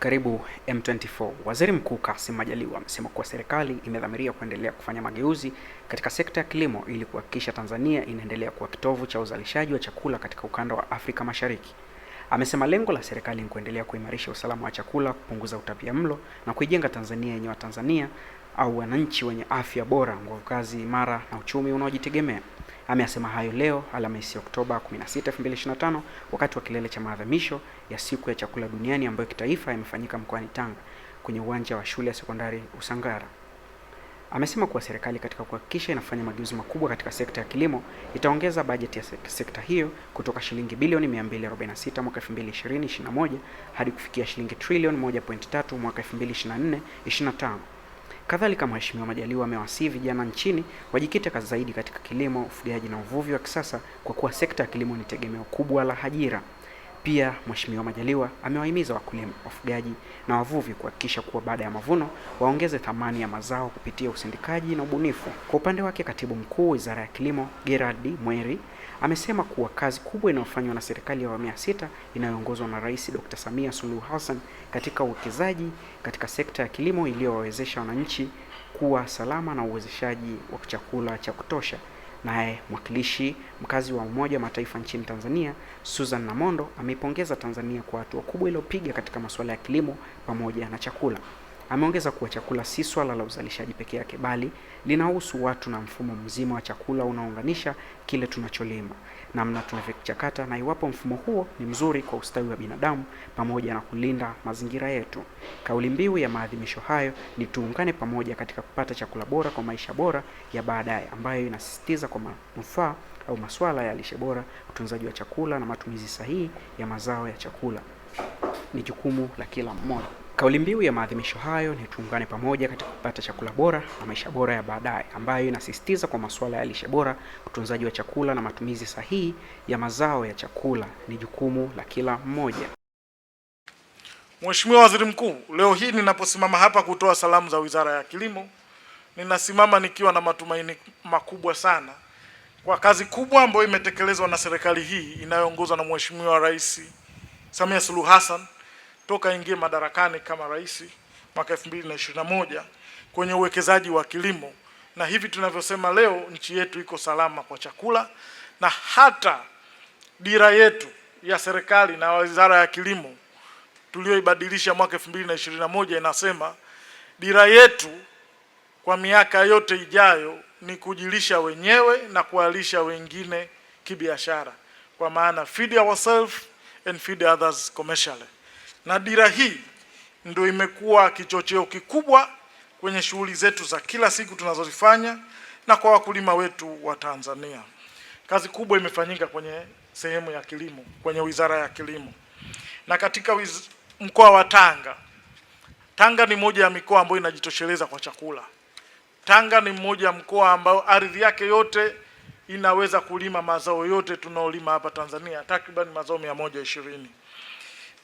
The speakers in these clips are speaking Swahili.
Karibu M24. Waziri Mkuu Kassim Majaliwa amesema kuwa serikali imedhamiria kuendelea kufanya mageuzi katika sekta ya kilimo ili kuhakikisha Tanzania inaendelea kuwa kitovu cha uzalishaji wa chakula katika ukanda wa Afrika Mashariki. Amesema lengo la serikali ni kuendelea kuimarisha usalama wa chakula, kupunguza utapiamlo na kuijenga Tanzania yenye Watanzania au wananchi wenye afya bora, nguvu kazi imara na uchumi unaojitegemea. Ameyasema hayo leo Alhamisi Oktoba 16, 2025 wakati wa kilele cha maadhimisho ya siku ya chakula duniani ambayo kitaifa yamefanyika mkoani Tanga kwenye uwanja wa shule ya sekondari Usangara. Amesema kuwa serikali katika kuhakikisha inafanya mageuzi makubwa katika sekta ya kilimo itaongeza bajeti ya sekta hiyo kutoka shilingi bilioni 246 mwaka 2020/21 hadi kufikia shilingi trilioni 1.3 mwaka 2024/25. Kadhalika, Mheshimiwa Majaliwa amewasihi vijana nchini wajikite kazi zaidi katika kilimo, ufugaji na uvuvi wa kisasa kwa kuwa sekta ya kilimo ni tegemeo kubwa la ajira. Pia Mheshimiwa Majaliwa amewahimiza wakulima, wafugaji na wavuvi kuhakikisha kuwa baada ya mavuno waongeze thamani ya mazao kupitia usindikaji na ubunifu. Kwa upande wake, Katibu Mkuu Wizara ya Kilimo Gerard Mweri Amesema kuwa kazi kubwa inayofanywa na serikali ya awamu ya sita inayoongozwa na Rais Dr. Samia Suluhu Hassan katika uwekezaji katika sekta ya kilimo iliyowawezesha wananchi kuwa salama na uwezeshaji wa chakula cha kutosha. Naye mwakilishi mkazi wa Umoja wa Mataifa nchini Tanzania, Susan Namondo ameipongeza Tanzania kwa hatua kubwa iliyopiga katika masuala ya kilimo pamoja na chakula. Ameongeza kuwa chakula si swala la uzalishaji peke yake, bali linahusu watu na mfumo mzima wa chakula unaounganisha kile tunacholima, namna tunavyokichakata, na iwapo mfumo huo ni mzuri kwa ustawi wa binadamu pamoja na kulinda mazingira yetu. Kauli mbiu ya maadhimisho hayo ni tuungane pamoja katika kupata chakula bora kwa maisha bora ya baadaye, ambayo inasisitiza kwa manufaa au masuala ya lishe bora, utunzaji wa chakula na matumizi sahihi ya mazao ya chakula. Ni jukumu la kila mmoja. Kauli mbiu ya maadhimisho hayo ni tuungane pamoja katika kupata chakula bora na maisha bora ya baadaye, ambayo inasisitiza kwa masuala ya lishe bora, utunzaji wa chakula na matumizi sahihi ya mazao ya chakula ni jukumu la kila mmoja. Mheshimiwa Waziri Mkuu, leo hii ninaposimama hapa kutoa salamu za Wizara ya Kilimo, ninasimama nikiwa na matumaini makubwa sana kwa kazi kubwa ambayo imetekelezwa na serikali hii inayoongozwa na Mheshimiwa Rais Samia Suluhu Hassan toka ingie madarakani kama rais mwaka 2021 kwenye uwekezaji wa kilimo, na hivi tunavyosema leo nchi yetu iko salama kwa chakula, na hata dira yetu ya serikali na Wizara ya Kilimo tuliyoibadilisha mwaka 2021 inasema dira yetu kwa miaka yote ijayo ni kujilisha wenyewe na kuwalisha wengine kibiashara, kwa maana feed ourselves and feed others commercially na dira hii ndio imekuwa kichocheo kikubwa kwenye shughuli zetu za kila siku tunazozifanya na kwa wakulima wetu wa Tanzania. Kazi kubwa imefanyika kwenye sehemu ya kilimo, kwenye wizara ya kilimo na katika wiz... mkoa wa Tanga. Tanga ni moja ya mikoa ambayo inajitosheleza kwa chakula. Tanga ni mmoja ya mkoa ambao ardhi yake yote inaweza kulima mazao yote tunaolima hapa Tanzania, takriban mazao mia moja ishirini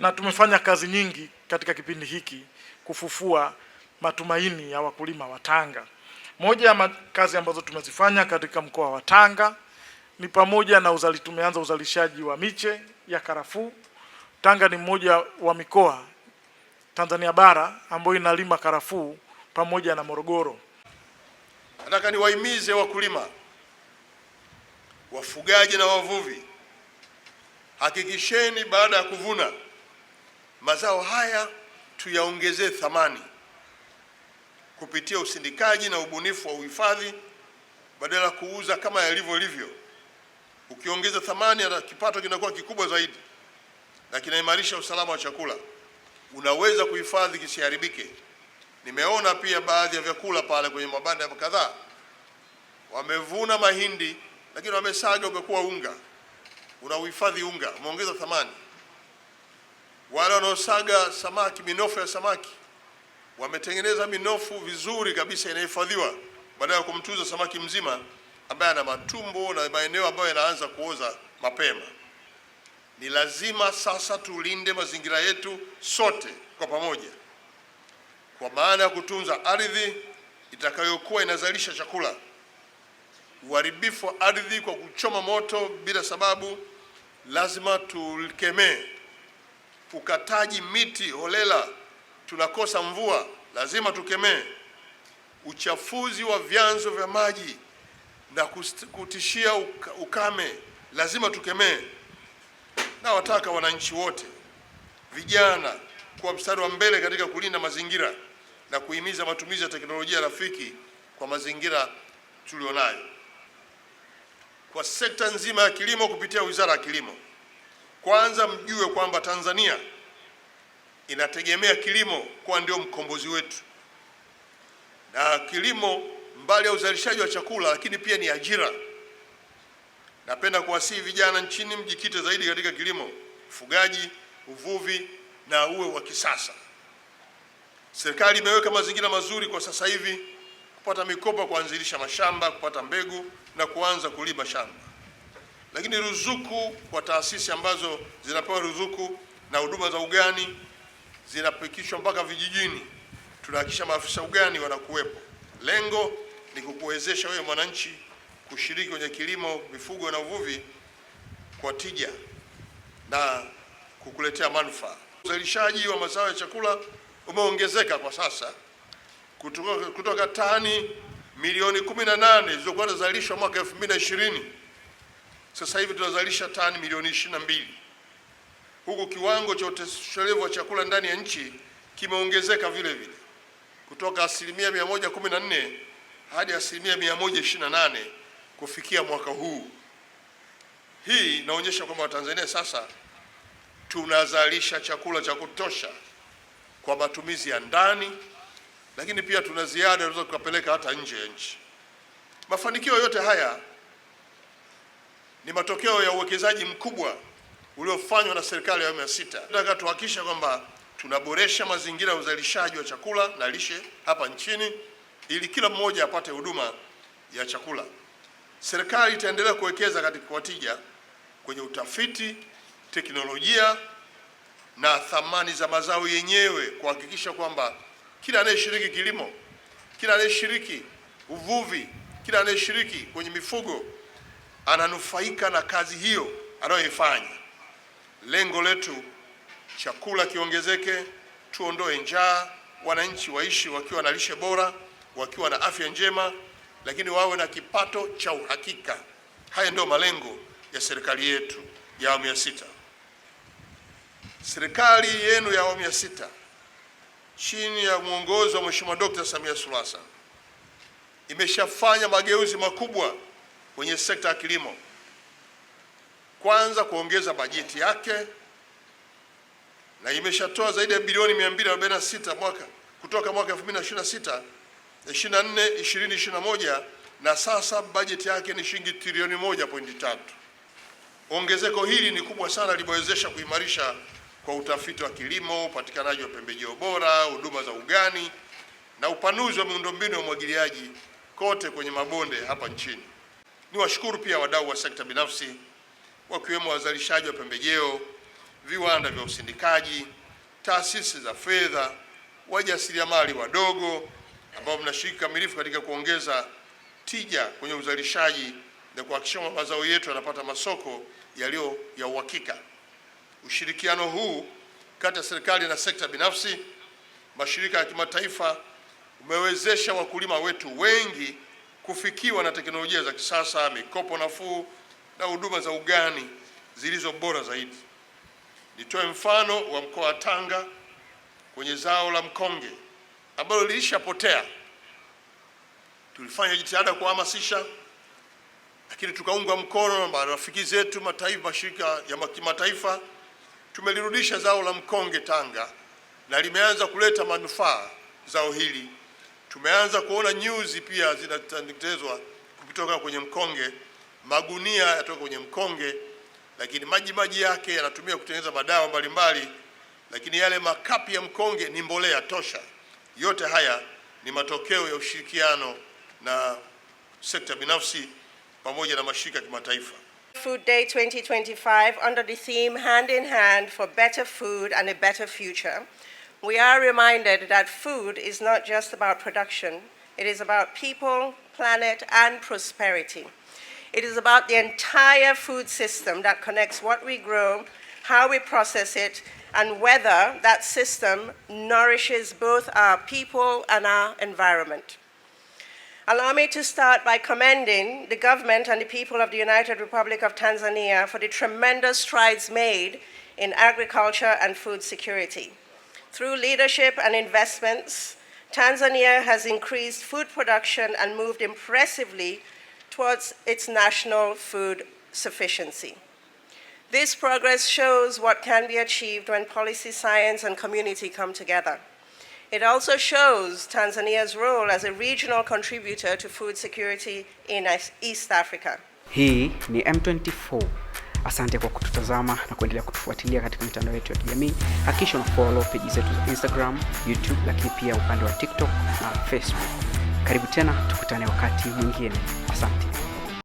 na tumefanya kazi nyingi katika kipindi hiki kufufua matumaini ya wakulima wa Tanga. Moja ya kazi ambazo tumezifanya katika mkoa wa Tanga ni pamoja na uzali, tumeanza uzalishaji wa miche ya karafuu. Tanga ni mmoja wa mikoa Tanzania bara ambayo inalima karafuu pamoja na Morogoro. Nataka niwahimize wakulima, wafugaji na wavuvi, hakikisheni baada ya kuvuna Mazao haya tuyaongezee thamani kupitia usindikaji na ubunifu wa uhifadhi badala ya kuuza kama yalivyo livyo. Ukiongeza thamani, kipato kinakuwa kikubwa zaidi na kinaimarisha usalama wa chakula, unaweza kuhifadhi kisiharibike. Nimeona pia baadhi ya vyakula pale kwenye mabanda kadhaa wamevuna mahindi, lakini wamesaga ukakuwa unga, unauhifadhi unga, umeongeza thamani. Wale wanaosaga samaki, minofu ya samaki, wametengeneza minofu vizuri kabisa, inahifadhiwa baada ya kumtunza samaki mzima ambaye ana matumbo na maeneo ambayo yanaanza kuoza mapema. Ni lazima sasa tulinde mazingira yetu sote kwa pamoja, kwa maana ya kutunza ardhi itakayokuwa inazalisha chakula. Uharibifu wa ardhi kwa kuchoma moto bila sababu lazima tukemee ukataji miti holela, tunakosa mvua, lazima tukemee. Uchafuzi wa vyanzo vya maji na kutishia ukame, lazima tukemee. Nawataka wananchi wote, vijana, kuwa mstari wa mbele katika kulinda mazingira na kuhimiza matumizi ya teknolojia rafiki kwa mazingira tulionayo, kwa sekta nzima ya kilimo kupitia Wizara ya Kilimo. Kwanza mjue kwamba Tanzania inategemea kilimo kuwa ndio mkombozi wetu, na kilimo mbali ya uzalishaji wa chakula, lakini pia ni ajira. Napenda kuwasihi vijana nchini mjikite zaidi katika kilimo, ufugaji, uvuvi na uwe wa kisasa. Serikali imeweka mazingira mazuri kwa sasa hivi kupata mikopo, kuanzilisha mashamba, kupata mbegu na kuanza kulima shamba lakini ruzuku kwa taasisi ambazo zinapewa ruzuku na huduma za ugani zinapikishwa mpaka vijijini, tunahakikisha maafisa ugani wanakuwepo. Lengo ni kukuwezesha wewe mwananchi kushiriki kwenye kilimo, mifugo na uvuvi kwa tija na kukuletea manufaa. Uzalishaji wa mazao ya chakula umeongezeka kwa sasa kutoka, kutoka tani milioni 18 zilizokuwa zinazalishwa mwaka 2020 sasa hivi tunazalisha tani milioni ishirini na mbili huku kiwango cha utoshelevu wa chakula ndani ya nchi kimeongezeka vile vile kutoka asilimia nne hadi asilimia 128 kufikia mwaka huu. Hii inaonyesha kwamba Watanzania sasa tunazalisha chakula cha kutosha kwa matumizi ya ndani, lakini pia tuna ziada tunaweza tukapeleka hata nje ya nchi. Mafanikio yote haya ni matokeo ya uwekezaji mkubwa uliofanywa na serikali ya awamu ya sita. Tunataka tuhakikisha kwamba tunaboresha mazingira ya uzalishaji wa chakula na lishe hapa nchini ili kila mmoja apate huduma ya chakula. Serikali itaendelea kuwekeza katika tija kwenye utafiti, teknolojia na thamani za mazao yenyewe, kuhakikisha kwamba kila anayeshiriki kilimo, kila anayeshiriki uvuvi, kila anayeshiriki kwenye mifugo ananufaika na kazi hiyo anayoifanya. Lengo letu chakula kiongezeke, tuondoe njaa, wananchi waishi wakiwa na lishe bora, wakiwa na afya njema, lakini wawe na kipato cha uhakika. Haya ndio malengo ya serikali yetu ya awamu ya sita. Serikali yenu ya awamu ya sita chini ya mwongozo wa Mheshimiwa Dkt. Samia Suluhu Hassan imeshafanya mageuzi makubwa kwenye sekta ya kilimo, kwanza kuongeza bajeti yake na imeshatoa zaidi ya bilioni 246 mwaka kutoka mwaka 2026 24 2021 na sasa bajeti yake ni shilingi trilioni 1.3. Ongezeko hili ni kubwa sana, limewezesha kuimarisha kwa utafiti wa kilimo, upatikanaji wa pembejeo bora, huduma za ugani na upanuzi wa miundombinu ya umwagiliaji kote kwenye mabonde hapa nchini. Niwashukuru pia wadau wa sekta binafsi wakiwemo wazalishaji wa pembejeo, viwanda vya usindikaji, taasisi za fedha, wajasiriamali wadogo ambao mnashiriki kamilifu katika kuongeza tija kwenye uzalishaji na kuhakikisha mazao yetu yanapata masoko yaliyo ya uhakika. Ushirikiano huu kati ya serikali na sekta binafsi, mashirika ya kimataifa umewezesha wakulima wetu wengi kufikiwa na teknolojia za kisasa, mikopo nafuu na huduma za ugani zilizo bora zaidi. Nitoe mfano wa mkoa wa Tanga kwenye zao la mkonge ambalo lilishapotea. Tulifanya jitihada kuhamasisha, lakini tukaungwa mkono na marafiki zetu mataifa, mashirika ya kimataifa. Tumelirudisha zao la mkonge Tanga na limeanza kuleta manufaa zao hili Tumeanza kuona nyuzi pia zinatandikizwa kutoka kwenye mkonge, magunia yatoka kwenye mkonge, lakini maji maji yake yanatumia kutengeneza madawa mbalimbali, lakini yale makapi ya mkonge ni mbolea tosha. Yote haya ni matokeo ya ushirikiano na sekta binafsi pamoja na mashirika ya kimataifa. Food Day 2025 under the theme hand in hand for better food and a better future we are reminded that food is not just about production, it is about people, planet, and prosperity. It is about the entire food system that connects what we grow, how we process it, and whether that system nourishes both our people and our environment. Allow me to start by commending the government and the people of the United Republic of Tanzania for the tremendous strides made in agriculture and food security. Through leadership and investments, Tanzania has increased food production and moved impressively towards its national food sufficiency. This progress shows what can be achieved when policy, science, and community come together. It also shows Tanzania's role as a regional contributor to food security in East Africa. Hii ni M24 Asante kwa kututazama na kuendelea kutufuatilia katika mitandao yetu ya kijamii. Hakikisha una follow peji zetu za Instagram, YouTube, lakini pia upande wa TikTok na Facebook. Karibu tena, tukutane wakati mwingine. Asante.